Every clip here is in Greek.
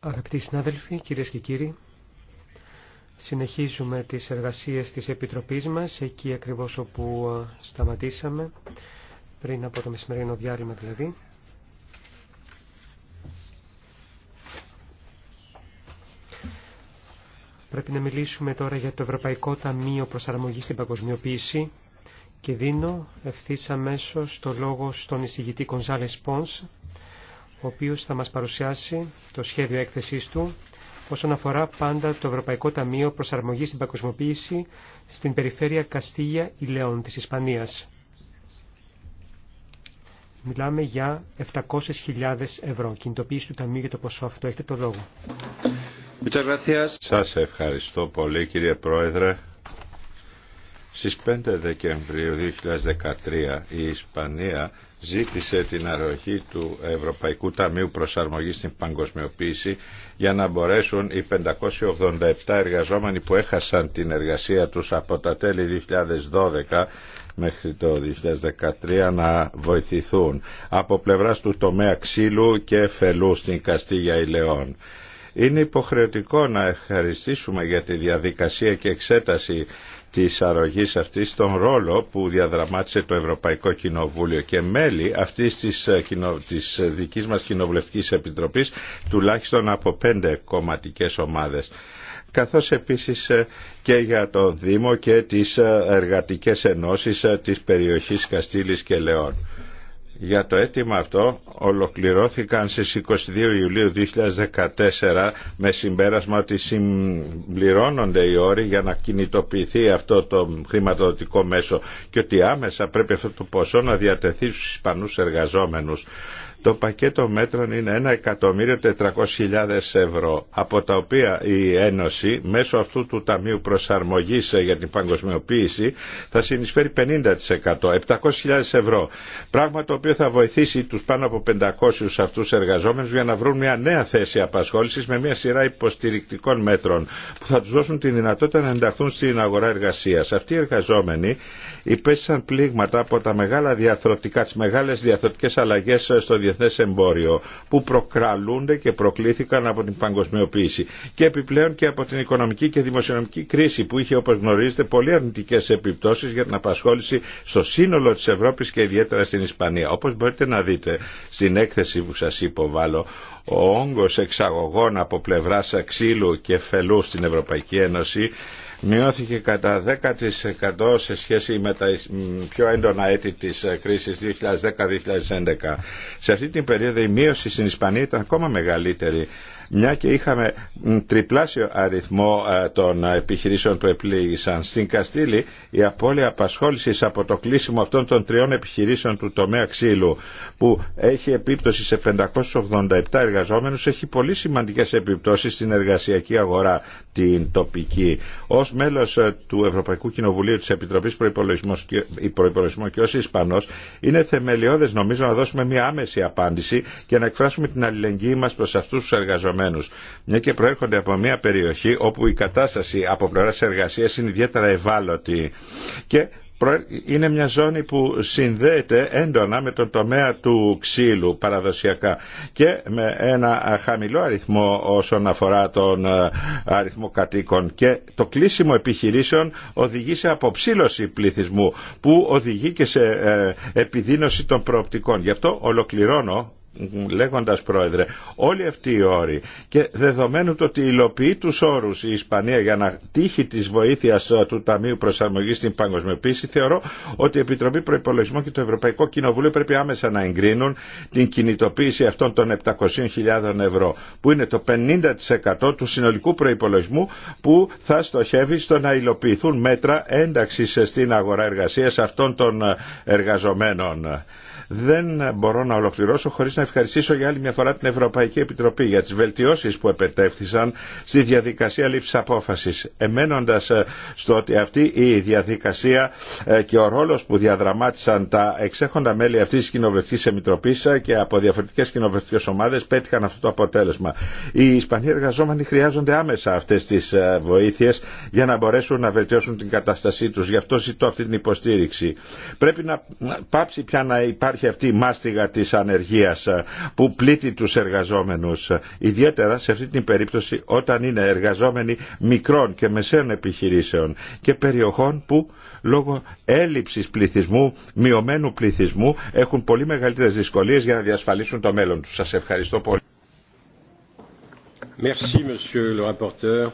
Αγαπητοί συνάδελφοι, κυρίες και κύριοι, συνεχίζουμε τις εργασίες της Επιτροπής μας, εκεί ακριβώς όπου ε, σταματήσαμε, πριν από το μεσημερινό διάλειμμα δηλαδή. Πρέπει να μιλήσουμε τώρα για το Ευρωπαϊκό Ταμείο Προσαρμογής στην Παγκοσμιοποίηση και δίνω ευθύ αμέσω το λόγο στον εισηγητή Κονζάλε Πόνς, ο οποίος θα μας παρουσιάσει το σχέδιο έκθεσής του όσον αφορά πάντα το Ευρωπαϊκό Ταμείο Προσαρμογής στην Παγκοσμιοποίηση στην περιφέρεια Καστίγια Ιλέων της Ισπανίας. Μιλάμε για 700.000 ευρώ. Κινητοποίηση του Ταμείου για το ποσό αυτό. Έχετε το λόγο. Σας ευχαριστώ πολύ κύριε Πρόεδρε. Στις 5 Δεκεμβρίου 2013 η Ισπανία ζήτησε την αρρωχή του Ευρωπαϊκού Ταμείου Προσαρμογής στην Παγκοσμιοποίηση για να μπορέσουν οι 587 εργαζόμενοι που έχασαν την εργασία τους από τα τέλη 2012 μέχρι το 2013 να βοηθηθούν από πλευράς του τομέα ξύλου και φελού στην Καστίγια Ηλεών. Είναι υποχρεωτικό να ευχαριστήσουμε για τη διαδικασία και εξέταση της αρρωγής αυτής τον ρόλο που διαδραμάτισε το Ευρωπαϊκό Κοινοβούλιο και μέλη αυτής της, ε, της δικής μας Κοινοβουλευτικής Επιτροπής τουλάχιστον από πέντε κομματικές ομάδες καθώς επίσης ε, και για το Δήμο και τις ε, εργατικές ενώσεις της περιοχής Καστήλης και Λεών. Για το αίτημα αυτό ολοκληρώθηκαν στις 22 Ιουλίου 2014 με συμπέρασμα ότι συμπληρώνονται οι όροι για να κινητοποιηθεί αυτό το χρηματοδοτικό μέσο και ότι άμεσα πρέπει αυτό το ποσό να διατεθεί στους Ισπανούς εργαζόμενους. Το πακέτο μέτρων είναι 1.400.000 ευρώ, από τα οποία η Ένωση μέσω αυτού του Ταμείου Προσαρμογής για την Παγκοσμιοποίηση θα συνεισφέρει 50%, 700.000 ευρώ. Πράγμα το οποίο θα βοηθήσει τους πάνω από 500 αυτούς εργαζόμενους για να βρουν μια νέα θέση απασχόλησης με μια σειρά υποστηρικτικών μέτρων που θα τους δώσουν τη δυνατότητα να ενταχθούν στην αγορά εργασίας. Αυτοί οι εργαζόμενοι υπέστησαν πλήγματα από τα μεγάλα τις μεγάλες διαθροτικές αλλαγές στο διεθνέ εμπόριο που προκραλούνται και προκλήθηκαν από την παγκοσμιοποίηση και επιπλέον και από την οικονομική και δημοσιονομική κρίση που είχε όπω γνωρίζετε πολύ αρνητικέ επιπτώσει για την απασχόληση στο σύνολο τη Ευρώπη και ιδιαίτερα στην Ισπανία. Όπω μπορείτε να δείτε στην έκθεση που σα υποβάλλω ο όγκο εξαγωγών από πλευρά ξύλου και φελού στην Ευρωπαϊκή Ένωση μειώθηκε κατά 10% σε σχέση με τα πιο έντονα έτη της ε, κρίσης 2010-2011. Σε αυτή την περίοδο η μείωση στην Ισπανία ήταν ακόμα μεγαλύτερη μια και είχαμε τριπλάσιο αριθμό ε, των ε, επιχειρήσεων που επλήγησαν. Στην Καστήλη η απώλεια απασχόλησης από το κλείσιμο αυτών των τριών επιχειρήσεων του τομέα ξύλου που έχει επίπτωση σε 587 εργαζόμενους έχει πολύ σημαντικές επιπτώσεις στην εργασιακή αγορά την τοπική. Ως μέλος ε, του Ευρωπαϊκού Κοινοβουλίου της Επιτροπής Προϋπολογισμού και ως Ισπανός είναι θεμελιώδες νομίζω να δώσουμε μια άμεση απάντηση και να εκφράσουμε την αλληλεγγύη μας προς αυτούς τους εργαζομένους εργαζομένους. Μια και προέρχονται από μια περιοχή όπου η κατάσταση από πλευράς εργασίας είναι ιδιαίτερα ευάλωτη και είναι μια ζώνη που συνδέεται έντονα με τον τομέα του ξύλου παραδοσιακά και με ένα χαμηλό αριθμό όσον αφορά τον ε, αριθμό κατοίκων και το κλείσιμο επιχειρήσεων οδηγεί σε αποψήλωση πληθυσμού που οδηγεί και σε ε, επιδίνωση των προοπτικών. Γι' αυτό ολοκληρώνω λέγοντας πρόεδρε όλοι αυτοί οι όροι και δεδομένου το ότι υλοποιεί τους όρους η Ισπανία για να τύχει της βοήθειας ε, του Ταμείου Προσαρμογής στην Παγκοσμιοποίηση θεωρώ ότι η Επιτροπή Προϋπολογισμού και το Ευρωπαϊκό Κοινοβούλιο πρέπει άμεσα να εγκρίνουν την κινητοποίηση αυτών των 700.000 ευρώ που είναι το 50% του συνολικού προϋπολογισμού που θα στοχεύει στο να υλοποιηθούν μέτρα ένταξης στην αγορά εργασίας αυτών των ε, εργαζομένων. Δεν μπορώ να ολοκληρώσω χωρίς να ευχαριστήσω για άλλη μια φορά την Ευρωπαϊκή Επιτροπή για τις βελτιώσεις που επετέφθησαν στη διαδικασία λήψης απόφασης. Εμένοντας ε, στο ότι αυτή η διαδικασία ε, και ο ρόλος που διαδραμάτισαν τα εξέχοντα μέλη αυτής της κοινοβουλευτικής επιτροπής ε, και από διαφορετικές κοινοβουλευτικές ομάδες πέτυχαν αυτό το αποτέλεσμα. Οι Ισπανοί εργαζόμενοι χρειάζονται άμεσα αυτές τις βοήθειες για να μπορέσουν να βελτιώσουν την κατάστασή τους. Γι' αυτό ζητώ αυτή την υποστήριξη. Πρέπει να πάψει πια να υπάρχει υπάρχει αυτή η μάστιγα της ανεργίας ε, που πλήττει τους εργαζόμενους. Ε, ιδιαίτερα σε αυτή την περίπτωση όταν είναι εργαζόμενοι μικρών και μεσαίων επιχειρήσεων και περιοχών που λόγω έλλειψης πληθυσμού, μειωμένου πληθυσμού έχουν πολύ μεγαλύτερες δυσκολίες για να διασφαλίσουν το μέλλον τους. Σας ευχαριστώ πολύ. Merci, monsieur le rapporteur.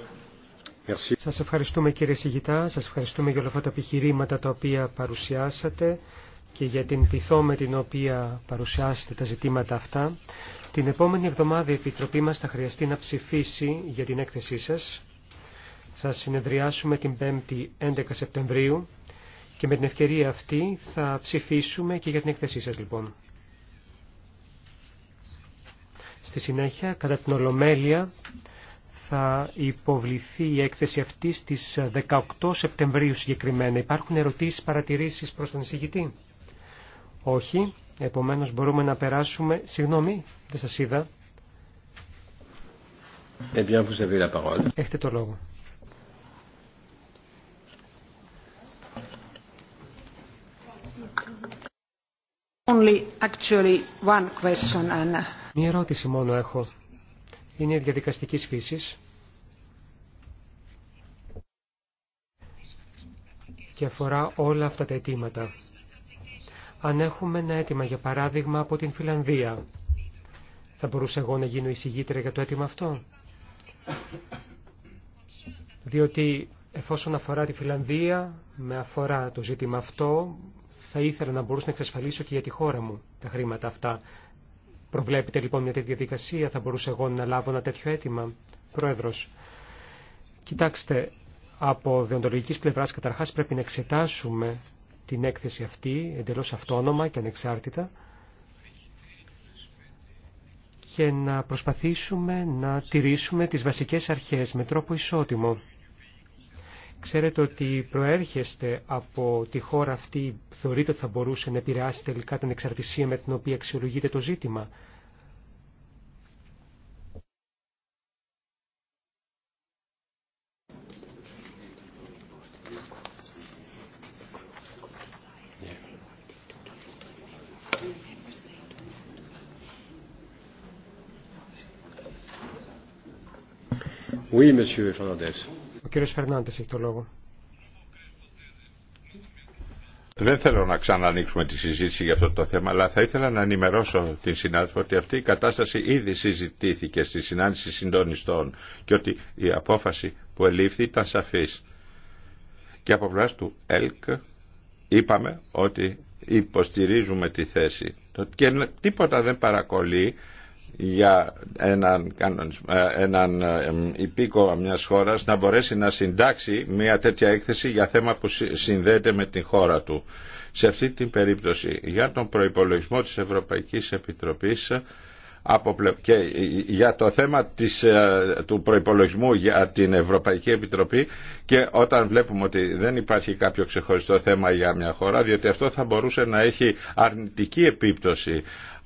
Merci. Σας ευχαριστούμε κύριε Σιγητά, σας ευχαριστούμε για όλα αυτά τα επιχειρήματα τα οποία παρουσιάσατε και για την πυθό με την οποία παρουσιάσετε τα ζητήματα αυτά. Την επόμενη εβδομάδα η Επιτροπή μας θα χρειαστεί να ψηφίσει για την έκθεσή σας. Θα συνεδριάσουμε την 5η 11 Σεπτεμβρίου και με την ευκαιρία αυτή θα ψηφίσουμε και για την έκθεσή σας λοιπόν. Στη συνέχεια, κατά την Ολομέλεια, θα υποβληθεί η έκθεση αυτή στις 18 Σεπτεμβρίου συγκεκριμένα. Υπάρχουν ερωτήσεις, παρατηρήσεις προς τον εισηγητή. Όχι. Επομένως μπορούμε να περάσουμε... Συγγνώμη, δεν σας είδα. Ε, Έχετε το λόγο. Only actually one question, Μία ερώτηση μόνο έχω. Είναι διαδικαστικής φύσης. και αφορά όλα αυτά τα αιτήματα. Αν έχουμε ένα αίτημα, για παράδειγμα, από την Φιλανδία, θα μπορούσα εγώ να γίνω εισηγήτρια για το αίτημα αυτό. Διότι εφόσον αφορά τη Φιλανδία, με αφορά το ζήτημα αυτό, θα ήθελα να μπορούσα να εξασφαλίσω και για τη χώρα μου τα χρήματα αυτά. Προβλέπετε λοιπόν μια τέτοια διαδικασία, θα μπορούσα εγώ να λάβω ένα τέτοιο αίτημα. Πρόεδρος, κοιτάξτε, από διοντολογικής πλευράς καταρχάς πρέπει να εξετάσουμε την έκθεση αυτή εντελώς αυτόνομα και ανεξάρτητα και να προσπαθήσουμε να τηρήσουμε τις βασικές αρχές με τρόπο ισότιμο. Ξέρετε ότι προέρχεστε από τη χώρα αυτή, θεωρείτε ότι θα μπορούσε να επηρεάσει τελικά την εξαρτησία με την οποία αξιολογείται το ζήτημα. Ο κύριος Φερνάντες έχει το λόγο. Δεν θέλω να ξανανοίξουμε τη συζήτηση για αυτό το θέμα, αλλά θα ήθελα να ενημερώσω την συνάδελφο ότι αυτή η κατάσταση ήδη συζητήθηκε στη συνάντηση συντονιστών και ότι η απόφαση που ελήφθη ήταν σαφής. Και από πλευρά του ΕΛΚ είπαμε ότι υποστηρίζουμε τη θέση. Και τίποτα δεν παρακολεί για έναν, ε, έναν ε, υπήκο μιας χώρας να μπορέσει να συντάξει μια τέτοια έκθεση για θέμα που συνδέεται με την χώρα του. Σε αυτή την περίπτωση για τον προϋπολογισμό της Ευρωπαϊκής Επιτροπής ε, και για το θέμα του προϋπολογισμού για την Ευρωπαϊκή Επιτροπή και όταν βλέπουμε ότι δεν υπάρχει κάποιο ξεχωριστό θέμα για μια χώρα διότι αυτό θα μπορούσε να έχει αρνητική επίπτωση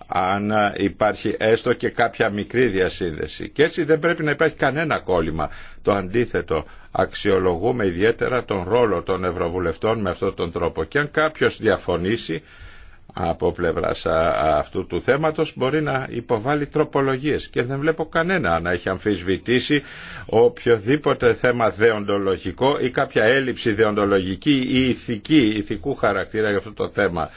αν υπάρχει έστω και κάποια μικρή διασύνδεση. Και έτσι δεν πρέπει να υπάρχει κανένα κόλλημα. Το αντίθετο, αξιολογούμε ιδιαίτερα τον ρόλο των Ευρωβουλευτών με αυτόν τον τρόπο. Και αν κάποιος διαφωνήσει από πλευράς αυτού του θέματος μπορεί να υποβάλει τροπολογίες και δεν βλέπω κανένα να έχει αμφισβητήσει οποιοδήποτε θέμα δεοντολογικό ή κάποια έλλειψη δεοντολογική ή ηθική, ηθικού χαρακτήρα για αυτό το θέμα.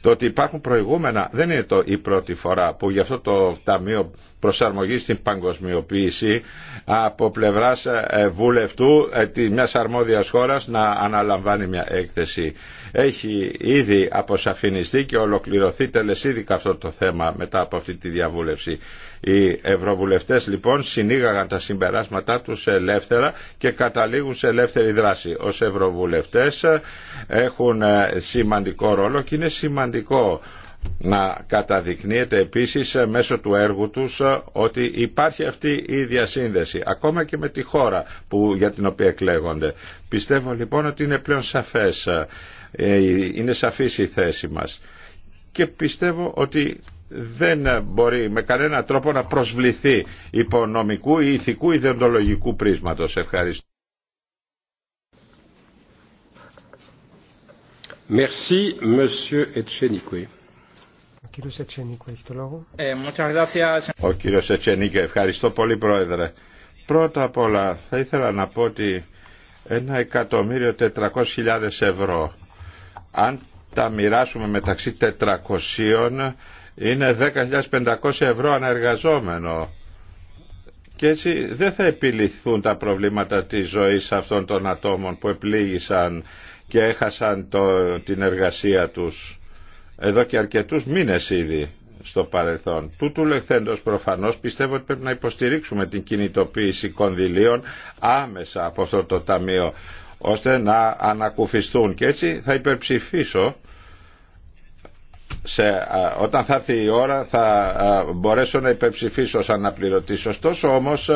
Το ότι υπάρχουν προηγούμενα δεν είναι το, η πρώτη φορά που γι' αυτό το Ταμείο Προσαρμογή στην Παγκοσμιοποίηση από πλευρά ε, βουλευτού ε, μια αρμόδια χώρα να αναλαμβάνει μια έκθεση έχει ήδη αποσαφινιστεί και ολοκληρωθεί τελεσίδικα αυτό το θέμα μετά από αυτή τη διαβούλευση. Οι ευρωβουλευτές λοιπόν συνήγαγαν τα συμπεράσματά τους ελεύθερα και καταλήγουν σε ελεύθερη δράση. Ως ευρωβουλευτές ε, έχουν ε, σημαντικό ρόλο και είναι σημαντικό να καταδεικνύεται επίσης ε, μέσω του έργου τους ότι υπάρχει αυτή η διασύνδεση ακόμα και με τη χώρα που, για την οποία εκλέγονται. Πιστεύω λοιπόν ότι είναι πλέον σαφές ε, είναι σαφής η θέση μας. Και πιστεύω ότι δεν μπορεί με κανένα τρόπο να προσβληθεί υπονομικού ή ηθικού ή δεντολογικού πρίσματος. Ευχαριστώ. Merci, Monsieur Ο κύριος Ετσενίκου έχει το λόγο. Ε, ευχαριστώ πολύ Πρόεδρε. Πρώτα απ' όλα θα ήθελα να πω ότι ένα εκατομμύριο τετρακόσιες ευρώ αν τα μοιράσουμε μεταξύ 400 είναι 10.500 ευρώ ανεργαζόμενο. Και έτσι δεν θα επιληθούν τα προβλήματα της ζωής αυτών των ατόμων που επλήγησαν και έχασαν την εργασία τους εδώ και αρκετούς μήνες ήδη στο παρελθόν. Τούτου λεχθέντος προφανώς πιστεύω ότι πρέπει να υποστηρίξουμε την κινητοποίηση κονδυλίων άμεσα από αυτό το ταμείο ώστε να ανακουφιστούν. Και έτσι θα υπερψηφίσω σε, όταν θα έρθει η ώρα θα μπορέσω να υπερψηφίσω ως αναπληρωτής. Ωστόσο όμως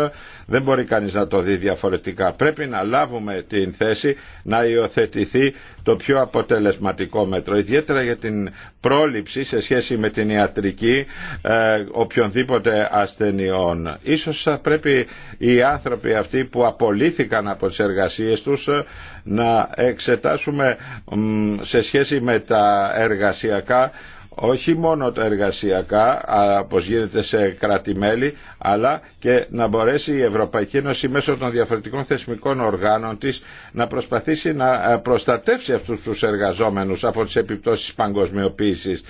δεν μπορεί κανείς να το δει διαφορετικά. Πρέπει να λάβουμε την θέση να υιοθετηθεί το πιο αποτελεσματικό μέτρο, ιδιαίτερα για την πρόληψη σε σχέση με την ιατρική ε, οποιονδήποτε ασθενειών. Ίσως θα πρέπει οι άνθρωποι αυτοί που απολύθηκαν από τις εργασίες τους ε, να εξετάσουμε σε σχέση με τα εργασιακά όχι μόνο τα εργασιακά, όπως γίνεται σε κράτη-μέλη, αλλά και να μπορέσει η Ευρωπαϊκή Ένωση μέσω των διαφορετικών θεσμικών οργάνων της να προσπαθήσει να ε, προστατεύσει αυτούς τους εργαζόμενους από τις επιπτώσεις παγκοσμιοποίησης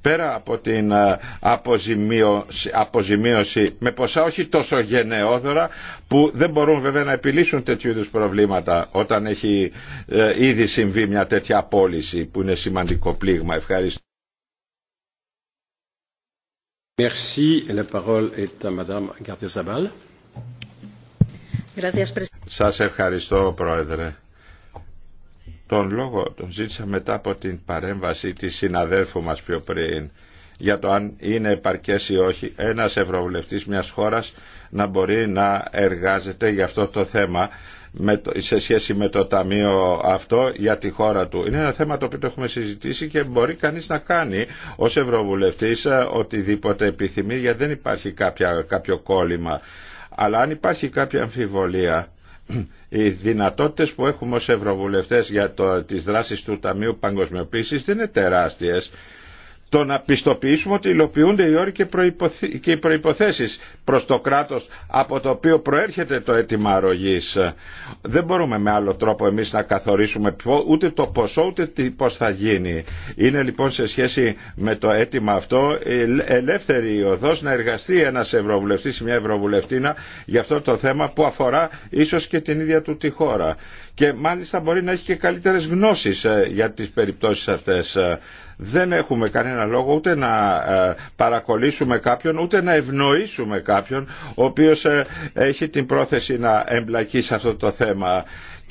πέρα από την ε, αποζημίωση, αποζημίωση, με ποσά όχι τόσο γενναιόδωρα που δεν μπορούν βέβαια να επιλύσουν τέτοιου είδους προβλήματα όταν έχει ε, ήδη συμβεί μια τέτοια απόλυση που είναι σημαντικό πλήγμα. Ευχαριστώ. Σας ευχαριστώ Πρόεδρε. Τον λόγο τον ζήτησα μετά από την παρέμβαση της συναδέλφου μας πιο πριν για το αν είναι επαρκές ή όχι ένας ευρωβουλευτής μιας χώρας να μπορεί να εργάζεται για αυτό το θέμα σε σχέση με το ταμείο αυτό για τη χώρα του. Είναι ένα θέμα το οποίο το έχουμε συζητήσει και μπορεί κανείς να κάνει ως Ευρωβουλευτής ε, οτιδήποτε επιθυμεί γιατί δεν υπάρχει κάποιο κόλλημα. Αλλά αν υπάρχει κάποια αμφιβολία οι δυνατότητες που έχουμε ως Ευρωβουλευτές για τι τις δράσεις του Ταμείου Παγκοσμιοποίησης δεν είναι τεράστιες το να πιστοποιήσουμε ότι υλοποιούνται οι όροι και, οι προϋποθέσεις προς το κράτος από το οποίο προέρχεται το αίτημα αρρωγής. Δεν μπορούμε με άλλο τρόπο εμείς να καθορίσουμε ούτε το ποσό ούτε τι πώς θα γίνει. Είναι λοιπόν σε σχέση με το αίτημα αυτό ελεύθερη η οδός να εργαστεί ένας ευρωβουλευτής ή μια ευρωβουλευτήνα για αυτό το θέμα που αφορά ίσως και την ίδια του τη χώρα και μάλιστα μπορεί να έχει και καλύτερες γνώσεις ε, για τις περιπτώσεις αυτές. Ε, δεν έχουμε κανένα λόγο ούτε να ε, παρακολύσουμε κάποιον, ούτε να ευνοήσουμε κάποιον ο οποίος έχει την πρόθεση να εμπλακεί σε αυτό το θέμα.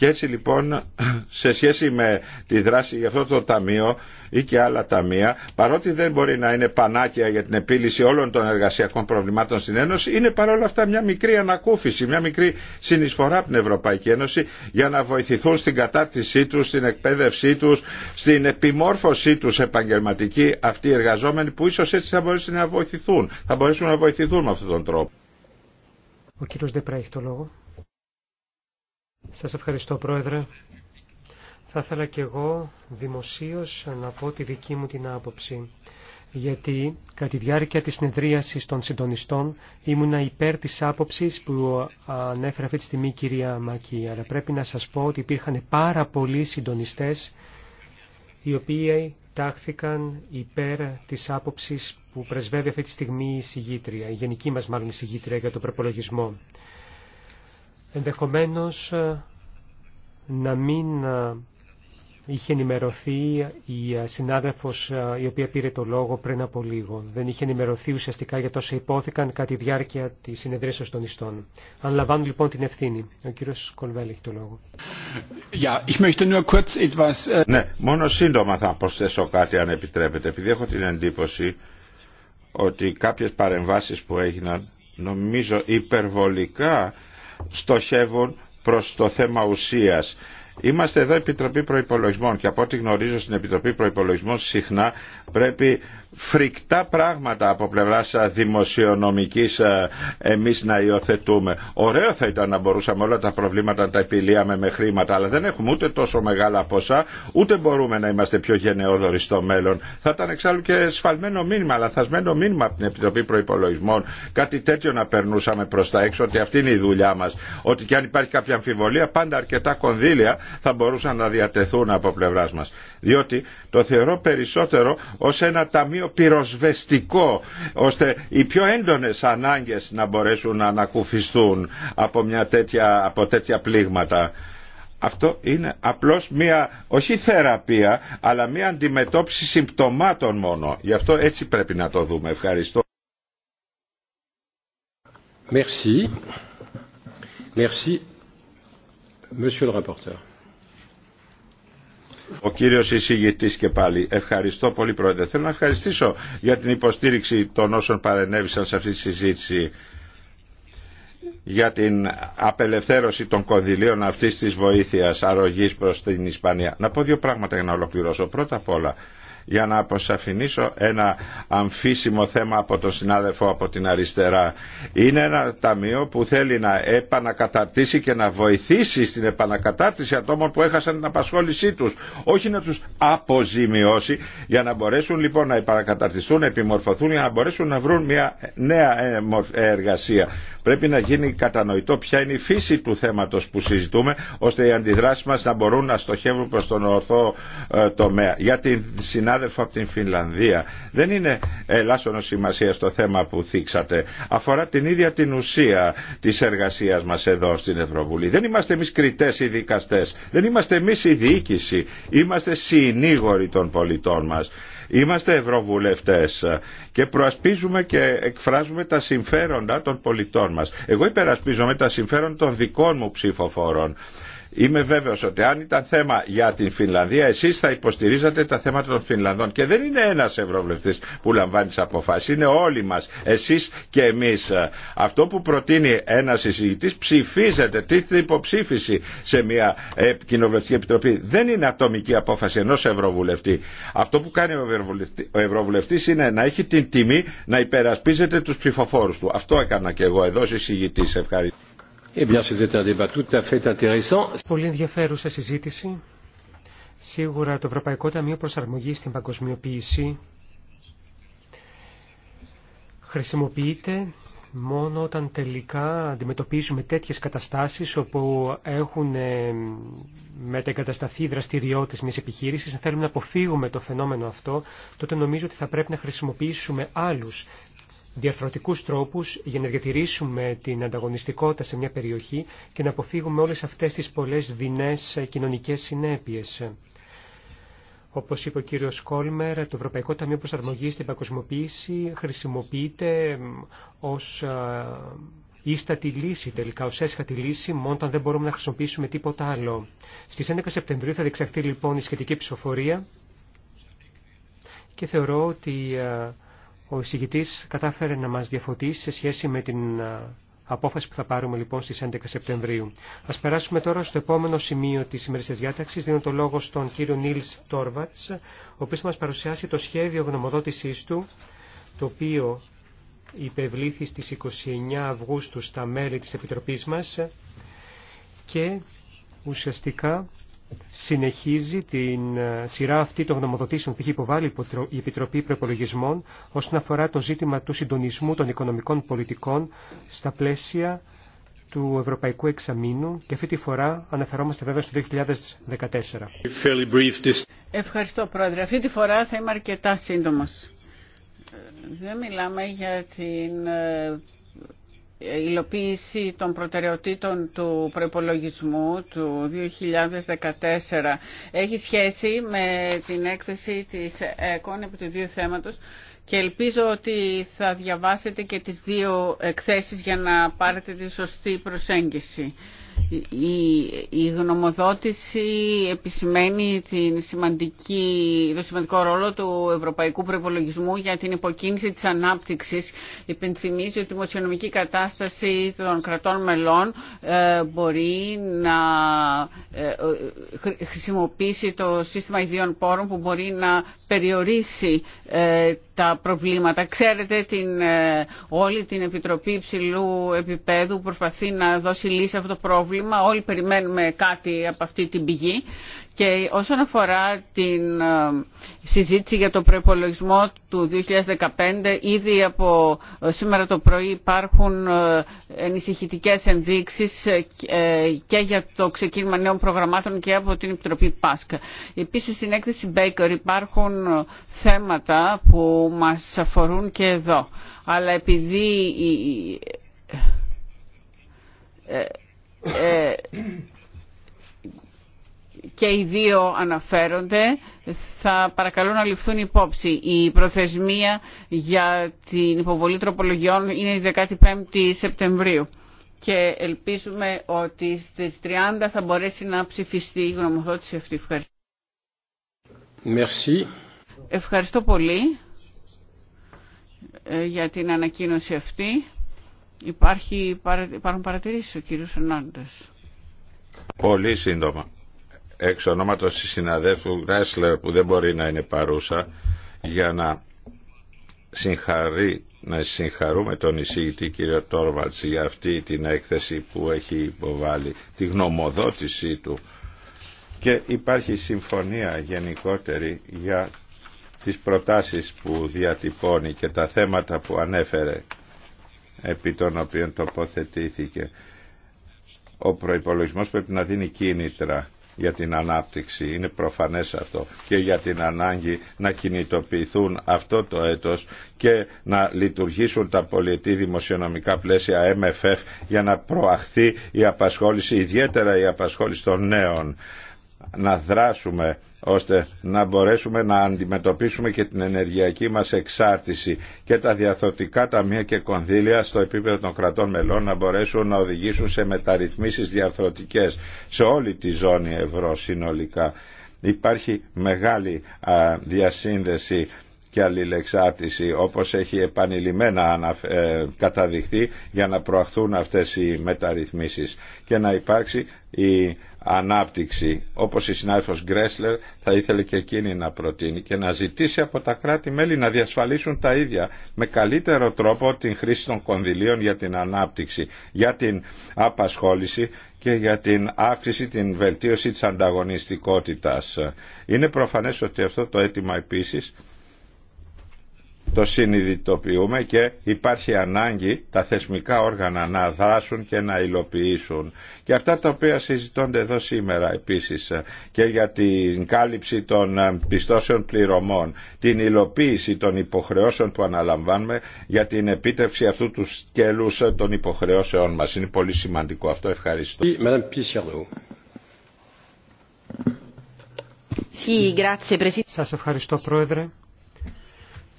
Και έτσι λοιπόν σε σχέση με τη δράση για αυτό το ταμείο ή και άλλα ταμεία, παρότι δεν μπορεί να είναι πανάκια για την επίλυση όλων των εργασιακών προβλημάτων στην Ένωση, είναι παρόλα αυτά μια μικρή ανακούφιση, μια μικρή συνεισφορά από την Ευρωπαϊκή Ένωση για να βοηθηθούν στην κατάρτισή του, στην εκπαίδευσή τους, στην επιμόρφωσή τους επαγγελματική αυτοί οι εργαζόμενοι που ίσως έτσι θα μπορέσουν να βοηθηθούν, θα μπορέσουν να βοηθηθούν με αυτόν τον τρόπο. Ο κύριος Δεπρά έχει το λόγο. Σας ευχαριστώ Πρόεδρε. Θα ήθελα και εγώ δημοσίως να πω τη δική μου την άποψη. Γιατί κατά τη διάρκεια της συνεδρίασης των συντονιστών ήμουνα υπέρ της άποψης που ανέφερε αυτή τη στιγμή η κυρία Μακή. Αλλά πρέπει να σας πω ότι υπήρχαν πάρα πολλοί συντονιστές οι οποίοι τάχθηκαν υπέρ της άποψης που πρεσβεύει αυτή τη στιγμή η συγγήτρια, η γενική μας μάλλον συγγήτρια για τον προπολογισμό. Ενδεχομένως ε, να μην ε, είχε ενημερωθεί η ε, συνάδελφος η οποία πήρε το λόγο πριν από λίγο. Δεν είχε ενημερωθεί ουσιαστικά για τόσα υπόθηκαν κατά τη διάρκεια της συνεδρίας των ιστών. Αν λαμβάνουν λοιπόν την ευθύνη. Ο κύριος Κολβέλ έχει το λόγο. Ναι, μόνο σύντομα θα προσθέσω κάτι αν επιτρέπετε, επειδή έχω την εντύπωση ότι κάποιες παρεμβάσεις που έγιναν νομίζω υπερβολικά στοχεύουν προς το θέμα ουσίας Είμαστε εδώ Επιτροπή Προπολογισμών και από ό,τι γνωρίζω στην Επιτροπή Προπολογισμών συχνά πρέπει φρικτά πράγματα από πλευρά δημοσιονομική εμεί να υιοθετούμε. Ωραίο θα ήταν να μπορούσαμε όλα τα προβλήματα να τα επιλύαμε με χρήματα, αλλά δεν έχουμε ούτε τόσο μεγάλα ποσά, ούτε μπορούμε να είμαστε πιο γενναιόδοροι στο μέλλον. Θα ήταν εξάλλου και σφαλμένο μήνυμα, λαθασμένο μήνυμα από την Επιτροπή Προπολογισμών. Κάτι τέτοιο να περνούσαμε προ τα έξω, ότι αυτή είναι η δουλειά μα. Ότι και αν υπάρχει κάποια αμφιβολία, πάντα αρκετά κονδύλια θα μπορούσαν να διατεθούν από πλευράς μας. Διότι το θεωρώ περισσότερο ως ένα ταμείο πυροσβεστικό, ώστε οι πιο έντονες ανάγκες να μπορέσουν να ανακουφιστούν από, μια τέτοια, από τέτοια πλήγματα. Αυτό είναι απλώς μια, όχι θεραπεία, αλλά μια αντιμετώπιση συμπτωμάτων μόνο. Γι' αυτό έτσι πρέπει να το δούμε. Ευχαριστώ. Merci. Merci, monsieur le rapporteur. Ο κύριος εισηγητής και πάλι. Ευχαριστώ πολύ πρόεδρε. Θέλω να ευχαριστήσω για την υποστήριξη των όσων παρενέβησαν σε αυτή τη συζήτηση για την απελευθέρωση των κονδυλίων αυτής της βοήθειας αρρωγής προς την Ισπανία. Να πω δύο πράγματα για να ολοκληρώσω. Πρώτα απ' όλα, για να αποσαφηνίσω ένα αμφίσιμο θέμα από τον συνάδελφο από την αριστερά. Είναι ένα ταμείο που θέλει να επανακαταρτήσει και να βοηθήσει στην επανακατάρτιση ατόμων που έχασαν την απασχόλησή τους. Όχι να τους αποζημιώσει για να μπορέσουν λοιπόν να επανακαταρτιστούν, να επιμορφωθούν για να μπορέσουν να βρουν μια νέα ε, ε, εργασία. Πρέπει να γίνει κατανοητό ποια είναι η φύση του θέματος που συζητούμε, ώστε οι αντιδράσεις μας να μπορούν να στοχεύουν προς τον ορθό ε, τομέα. Για την συνάδελφο από την Φινλανδία, δεν είναι ελάσσονο σημασία στο θέμα που θίξατε. Αφορά την ίδια την ουσία της εργασίας μας εδώ στην Ευρωβουλή. Δεν είμαστε εμείς κριτές ή δικαστές. Δεν είμαστε εμείς η διοίκηση. Είμαστε συνήγοροι των πολιτών μας. Είμαστε ευρωβουλευτές και προασπίζουμε και εκφράζουμε τα συμφέροντα των πολιτών μας. Εγώ υπερασπίζομαι τα συμφέροντα των δικών μου ψηφοφόρων Είμαι βέβαιος ότι αν ήταν θέμα για την Φινλανδία, εσείς θα υποστηρίζατε τα θέματα των Φινλανδών. Και δεν είναι ένας ευρωβουλευτής που λαμβάνει τις αποφάσεις, είναι όλοι μας, εσείς και εμείς. Αυτό που προτείνει ένας εισηγητής ψηφίζεται, τίθεται υποψήφιση σε μια ε, κοινοβουλευτική επιτροπή. Δεν είναι ατομική απόφαση ενός ευρωβουλευτή. Αυτό που κάνει ο ευρωβουλευτής είναι να έχει την τιμή να υπερασπίζεται τους ψηφοφόρους του. Αυτό έκανα και εγώ εδώ ως εισηγητής. Ευχαριστώ. Eh Πολύ ενδιαφέρουσα συζήτηση. Σίγουρα το Ευρωπαϊκό Ταμείο Προσαρμογή στην Παγκοσμιοποίηση χρησιμοποιείται μόνο όταν τελικά αντιμετωπίζουμε τέτοιες καταστάσεις όπου έχουν ε, μετεγκατασταθεί δραστηριότητες μιας επιχείρησης, αν θέλουμε να αποφύγουμε το φαινόμενο αυτό, τότε νομίζω ότι θα πρέπει να χρησιμοποιήσουμε άλλους διαφορετικούς τρόπους για να διατηρήσουμε την ανταγωνιστικότητα σε μια περιοχή και να αποφύγουμε όλες αυτές τις πολλές δεινές κοινωνικές συνέπειες. Όπως είπε ο κύριος Κόλμερ, το Ευρωπαϊκό Ταμείο Προσαρμογής στην Παγκοσμοποίηση χρησιμοποιείται ως ε, ίστατη λύση τελικά, ως έσχατη λύση, μόνο όταν δεν μπορούμε να χρησιμοποιήσουμε τίποτα άλλο. Στις 11 Σεπτεμβρίου θα διεξαχθεί λοιπόν η σχετική ψηφοφορία και θεωρώ ότι ε, ο εισηγητής κατάφερε να μας διαφωτίσει σε σχέση με την απόφαση που θα πάρουμε λοιπόν στις 11 Σεπτεμβρίου. Ας περάσουμε τώρα στο επόμενο σημείο της σημερινής διάταξης. Δίνω το λόγο στον κύριο Νίλς Τόρβατς, ο οποίος θα μας παρουσιάσει το σχέδιο γνωμοδότησής του, το οποίο υπευλήθη στις 29 Αυγούστου στα μέλη της Επιτροπής μας και ουσιαστικά συνεχίζει την ε, σειρά αυτή των γνωμοδοτήσεων που έχει υποβάλει η Επιτροπή Προπολογισμών όσον αφορά το ζήτημα του συντονισμού των οικονομικών πολιτικών στα πλαίσια του Ευρωπαϊκού Εξαμήνου και αυτή τη φορά αναφερόμαστε βέβαια στο 2014. Ευχαριστώ Πρόεδρε. Αυτή τη φορά θα είμαι αρκετά σύντομος. Ε, δεν μιλάμε για την ε, υλοποίηση των προτεραιοτήτων του προπολογισμού του 2014 έχει σχέση με την έκθεση της ΕΚΟΝ επί του δύο θέματος και ελπίζω ότι θα διαβάσετε και τις δύο εκθέσεις για να πάρετε τη σωστή προσέγγιση. Η, γνωμοδότηση επισημαίνει την σημαντική, το σημαντικό ρόλο του ευρωπαϊκού προπολογισμού για την υποκίνηση της ανάπτυξης. Υπενθυμίζει ότι η δημοσιονομική κατάσταση των κρατών μελών ε, μπορεί να ε, ε, χρησιμοποιήσει το σύστημα ιδίων πόρων που μπορεί να περιορίσει τα προβλήματα. Ξέρετε την, όλη την Επιτροπή Υψηλού Επιπέδου προσπαθεί να δώσει λύση αυτό το πρόβλημα πρόβλημα, όλοι περιμένουμε κάτι από αυτή την πηγή. Και όσον αφορά την ε, συζήτηση για το προπολογισμό του 2015, ήδη από ε, σήμερα το πρωί υπάρχουν ε, ενισχυτικές ενδείξεις και για το ξεκίνημα νέων προγραμμάτων και από την Επιτροπή ΠΑΣΚ. Επίσης στην έκθεση Baker υπάρχουν θέματα που μας αφορούν και εδώ. Αλλά επειδή ε, και οι δύο αναφέρονται θα παρακαλώ να ληφθούν υπόψη. Η προθεσμία για την υποβολή τροπολογιών είναι η 15η Σεπτεμβρίου και ελπίζουμε ότι στις 30 θα μπορέσει να ψηφιστεί η γνωμοδότηση αυτή. Ευχαριστώ. Merci. Ευχαριστώ πολύ ε, για την ανακοίνωση αυτή. Υπάρχει, υπάρχουν παρατηρήσεις ο κύριος Φερνάντες. Πολύ σύντομα. Εξ ονόματος της συναδέλφου Γκράσλερ που δεν μπορεί να είναι παρούσα για να συγχαρεί να συγχαρούμε τον εισηγητή κύριο Τόρβατς για αυτή την έκθεση που έχει υποβάλει, τη γνωμοδότησή του. Και υπάρχει συμφωνία γενικότερη για τις προτάσεις που διατυπώνει και τα θέματα που ανέφερε επί των οποίων τοποθετήθηκε. Ο προϋπολογισμός πρέπει να δίνει κίνητρα για την ανάπτυξη, είναι προφανές αυτό και για την ανάγκη να κινητοποιηθούν αυτό το έτος και να λειτουργήσουν τα πολιτή δημοσιονομικά πλαίσια MFF για να προαχθεί η απασχόληση, ιδιαίτερα η απασχόληση των νέων να δράσουμε ώστε να μπορέσουμε να αντιμετωπίσουμε και την ενεργειακή μας εξάρτηση και τα διαθωτικά ταμεία και κονδύλια στο επίπεδο των κρατών μελών να μπορέσουν να οδηγήσουν σε μεταρρυθμίσεις διαρθρωτικές σε όλη τη ζώνη ευρώ συνολικά. Υπάρχει μεγάλη διασύνδεση και αλληλεξάρτηση όπως έχει επανειλημμένα ε, καταδειχθεί για να προαχθούν αυτές οι μεταρρυθμίσεις και να υπάρξει η ανάπτυξη όπως η συνάδελφος Γκρέσλερ θα ήθελε και εκείνη να προτείνει και να ζητήσει από τα κράτη-μέλη να διασφαλίσουν τα ίδια με καλύτερο τρόπο την χρήση των κονδυλίων για την ανάπτυξη, για την απασχόληση και για την αύξηση, την βελτίωση της ανταγωνιστικότητας. Είναι προφανές ότι αυτό το αίτημα επίσης το συνειδητοποιούμε και υπάρχει ανάγκη τα θεσμικά όργανα να δράσουν και να υλοποιήσουν. Και αυτά τα οποία συζητώνται εδώ σήμερα επίσης και για την κάλυψη των ε, πιστώσεων πληρωμών, την υλοποίηση των υποχρεώσεων που αναλαμβάνουμε για την επίτευξη αυτού του σκέλους των υποχρεώσεών μας. Είναι πολύ σημαντικό αυτό. Ευχαριστώ. Σας ευχαριστώ Πρόεδρε.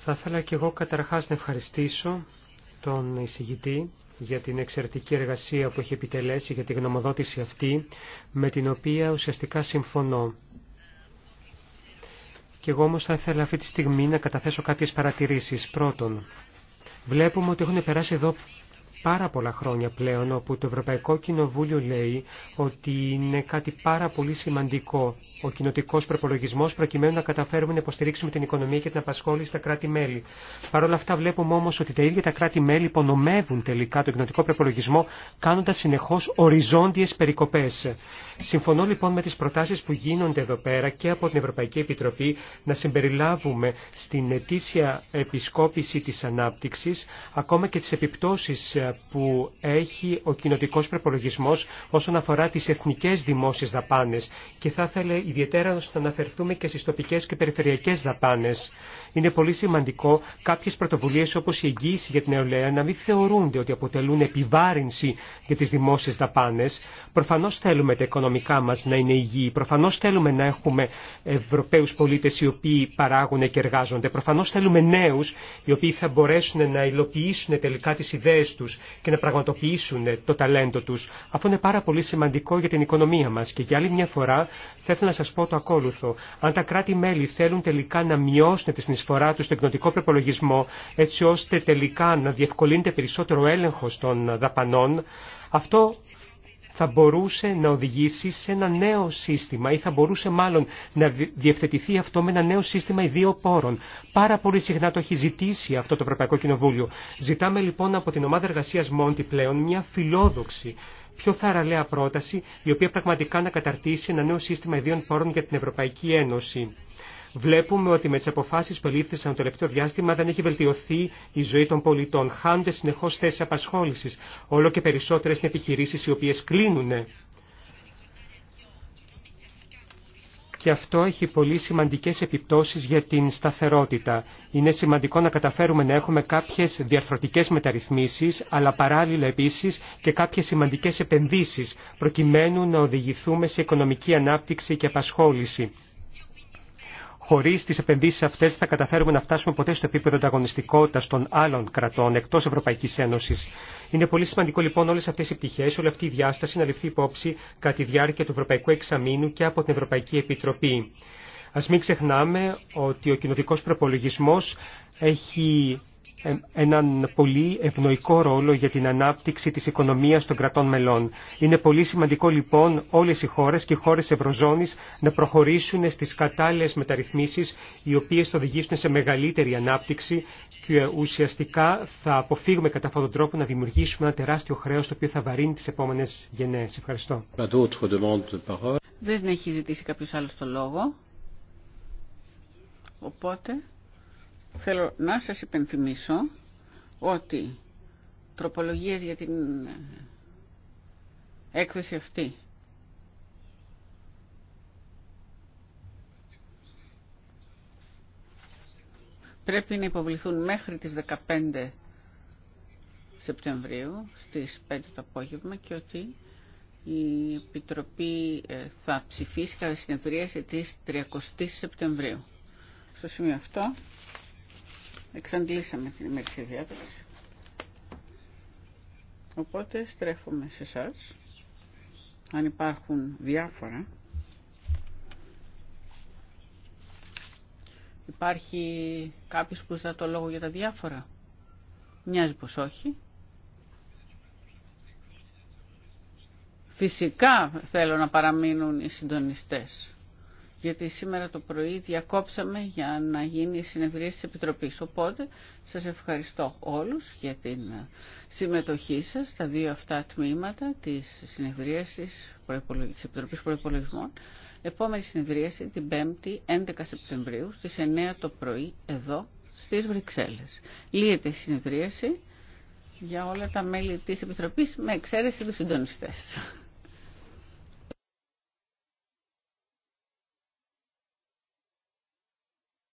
Θα ήθελα και εγώ καταρχάς να ευχαριστήσω τον εισηγητή για την εξαιρετική εργασία που έχει επιτελέσει για τη γνωμοδότηση αυτή, με την οποία ουσιαστικά συμφωνώ. Και εγώ όμως θα ήθελα αυτή τη στιγμή να καταθέσω κάποιες παρατηρήσεις. Πρώτον, βλέπουμε ότι έχουν περάσει εδώ πάρα πολλά χρόνια πλέον όπου το Ευρωπαϊκό Κοινοβούλιο λέει ότι είναι κάτι πάρα πολύ σημαντικό ο κοινοτικό προπολογισμό προκειμένου να καταφέρουμε να υποστηρίξουμε την οικονομία και την απασχόληση στα κράτη-μέλη. Παρ' όλα αυτά βλέπουμε όμω ότι τα ίδια τα κράτη-μέλη υπονομεύουν τελικά το κοινοτικό προπολογισμό κάνοντα συνεχώ οριζόντιε περικοπέ. Συμφωνώ λοιπόν με τι προτάσει που γίνονται εδώ πέρα και από την Ευρωπαϊκή Επιτροπή να συμπεριλάβουμε στην ετήσια επισκόπηση τη ανάπτυξη ακόμα και τι επιπτώσει που έχει ο κοινοτικό προπολογισμό όσον αφορά τι εθνικέ δημόσιε δαπάνε. Και θα ήθελα ιδιαίτερα να αναφερθούμε και στι τοπικέ και περιφερειακέ δαπάνε είναι πολύ σημαντικό κάποιε πρωτοβουλίε όπω η εγγύηση για την νεολαία να μην θεωρούνται ότι αποτελούν επιβάρυνση για τι δημόσιε δαπάνε. Προφανώ θέλουμε τα οικονομικά μα να είναι υγιή. Προφανώ θέλουμε να έχουμε Ευρωπαίου πολίτε οι οποίοι παράγουν και εργάζονται. Προφανώ θέλουμε νέου οι οποίοι θα μπορέσουν να υλοποιήσουν τελικά τι ιδέε του και να πραγματοποιήσουν το ταλέντο του. Αυτό είναι πάρα πολύ σημαντικό για την οικονομία μα. Και για άλλη μια φορά θα ήθελα να σα πω το ακόλουθο. Αν τα κράτη-μέλη θέλουν τελικά να μειώσουν τι συνεισφορά του στον εκνοτικό προπολογισμό έτσι ώστε τελικά να διευκολύνεται περισσότερο ο έλεγχος των δαπανών, αυτό θα μπορούσε να οδηγήσει σε ένα νέο σύστημα ή θα μπορούσε μάλλον να διευθετηθεί αυτό με ένα νέο σύστημα ιδίων πόρων. Πάρα πολύ συχνά το έχει ζητήσει αυτό το Ευρωπαϊκό Κοινοβούλιο. Ζητάμε λοιπόν από την ομάδα εργασία Μόντι πλέον μια φιλόδοξη, πιο θαραλέα πρόταση, η οποία πραγματικά να καταρτήσει ένα νέο σύστημα ιδίων πόρων για την Ευρωπαϊκή Ένωση βλέπουμε ότι με τι αποφάσει που ελήφθησαν το τελευταίο διάστημα δεν έχει βελτιωθεί η ζωή των πολιτών. Χάνονται συνεχώ θέσει απασχόληση. Όλο και περισσότερε είναι επιχειρήσει οι οποίε κλείνουν. και αυτό έχει πολύ σημαντικέ επιπτώσει για την σταθερότητα. Είναι σημαντικό να καταφέρουμε να έχουμε κάποιε διαρθρωτικέ μεταρρυθμίσει, αλλά παράλληλα επίση και κάποιε σημαντικέ επενδύσει προκειμένου να οδηγηθούμε σε οικονομική ανάπτυξη και απασχόληση. Χωρί τι επενδύσει αυτέ δεν θα καταφέρουμε να φτάσουμε ποτέ στο επίπεδο ανταγωνιστικότητα των άλλων κρατών εκτό Ευρωπαϊκή Ένωση. Είναι πολύ σημαντικό λοιπόν όλε αυτέ οι πτυχέ, όλη αυτή η διάσταση να ληφθεί υπόψη κατά τη διάρκεια του Ευρωπαϊκού Εξαμήνου και από την Ευρωπαϊκή Επιτροπή. Α μην ξεχνάμε ότι ο κοινοτικό προπολογισμό έχει έναν πολύ ευνοϊκό ρόλο για την ανάπτυξη της οικονομίας των κρατών μελών. Είναι πολύ σημαντικό λοιπόν όλες οι χώρες και οι χώρες Ευρωζώνης να προχωρήσουν στις κατάλληλες μεταρρυθμίσεις οι οποίες θα οδηγήσουν σε μεγαλύτερη ανάπτυξη και ουσιαστικά θα αποφύγουμε κατά αυτόν τον τρόπο να δημιουργήσουμε ένα τεράστιο χρέος το οποίο θα βαρύνει τις επόμενες γενναίες. Ευχαριστώ. Δεν έχει ζητήσει κάποιο άλλο το λόγο. Οπότε... Θέλω να σας υπενθυμίσω ότι τροπολογίες για την ε, έκθεση αυτή πρέπει να υποβληθούν μέχρι τις 15 Σεπτεμβρίου στις 5 το απόγευμα και ότι η Επιτροπή ε, θα ψηφίσει κατά συνεδρίαση της 30 Σεπτεμβρίου. Στο σημείο αυτό Εξαντλήσαμε την ημερική διάταξη. Οπότε στρέφομαι σε εσά. Αν υπάρχουν διάφορα. Υπάρχει κάποιος που ζητά το λόγο για τα διάφορα. Μοιάζει πως όχι. Φυσικά θέλω να παραμείνουν οι συντονιστές γιατί σήμερα το πρωί διακόψαμε για να γίνει η συνεδρία της Επιτροπής. Οπότε σας ευχαριστώ όλους για την συμμετοχή σας στα δύο αυτά τμήματα της συνεδρίας της, Επιτροπής Επόμενη συνεδρίαση την 5η 11 Σεπτεμβρίου στις 9 το πρωί εδώ στις Βρυξέλλες. Λύεται η συνεδρίαση για όλα τα μέλη της Επιτροπής με εξαίρεση τους συντονιστές.